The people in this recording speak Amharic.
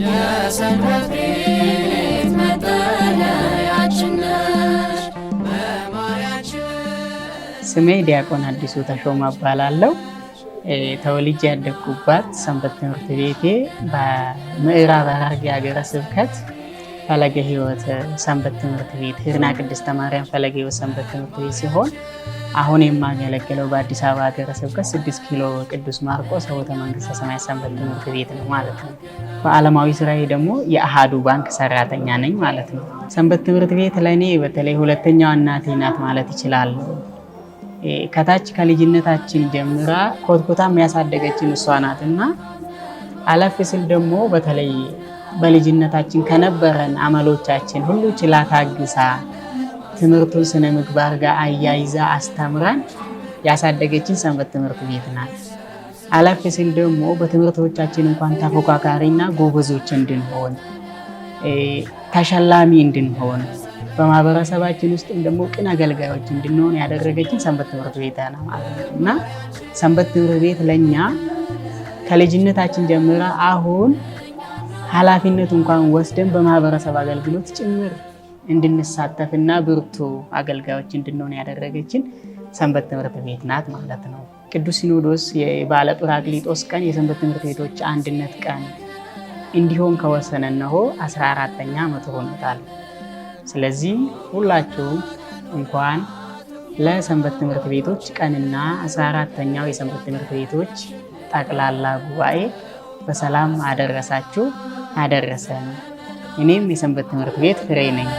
የሰንበት ቤት መጠለያችን ነሽ በማርያችን። ስሜ ዲያቆን አዲሱ ተሾማ እባላለሁ። ተወልጄ ያደግኩባት ሰንበት ትምህርት ቤቴ በምዕራብ ሐረርጌ ሀገረ ስብከት ፈለገ ህይወት ሰንበት ትምህርት ቤት ህርና ቅድስተ ማርያም ፈለገ ህይወት ሰንበት ትምህርት ቤት ሲሆን አሁን የማገለግለው በአዲስ አበባ ሀገረ ስብከት ስድስት ኪሎ ቅዱስ ማርቆስ ሰቦተ መንግሥተ ሰማያት ሰንበት ትምህርት ቤት ነው ማለት ነው። በአለማዊ ስራዬ ደግሞ የአሃዱ ባንክ ሰራተኛ ነኝ ማለት ነው። ሰንበት ትምህርት ቤት ለእኔ በተለይ ሁለተኛዋ እናቴ ናት ማለት ይችላል። ከታች ከልጅነታችን ጀምራ ኮትኮታ የሚያሳደገችን እሷ ናት እና አለፍ ስል ደግሞ በተለይ በልጅነታችን ከነበረን አመሎቻችን ሁሉ ችላ ታግሳ ትምህርቱን ስነ ምግባር ጋር አያይዛ አስተምራን ያሳደገችን ሰንበት ትምህርት ቤት ናት። አለፍ ስል ደግሞ በትምህርቶቻችን እንኳን ተፎካካሪና ጎበዞች እንድንሆን ተሸላሚ እንድንሆን በማህበረሰባችን ውስጥም ደግሞ ቅን አገልጋዮች እንድንሆን ያደረገችን ሰንበት ትምህርት ቤት ነው ማለት ነው እና ሰንበት ትምህርት ቤት ለእኛ ከልጅነታችን ጀምራ አሁን ኃላፊነት እንኳን ወስደን በማህበረሰብ አገልግሎት ጭምር እንድንሳተፍና ብርቱ አገልጋዮች እንድንሆን ያደረገችን ሰንበት ትምህርት ቤት ናት ማለት ነው። ቅዱስ ሲኖዶስ የባለ ቀን የሰንበት ትምህርት ቤቶች አንድነት ቀን እንዲሆን ከወሰነ እነሆ 14ተኛ ዓመት ሆኖታል። ስለዚህ ሁላችሁም እንኳን ለሰንበት ትምህርት ቤቶች ቀንና 14ተኛው የሰንበት ትምህርት ቤቶች ጠቅላላ ጉባኤ በሰላም አደረሳችሁ አደረሰን። እኔም የሰንበት ትምህርት ቤት ፍሬ ነኝ።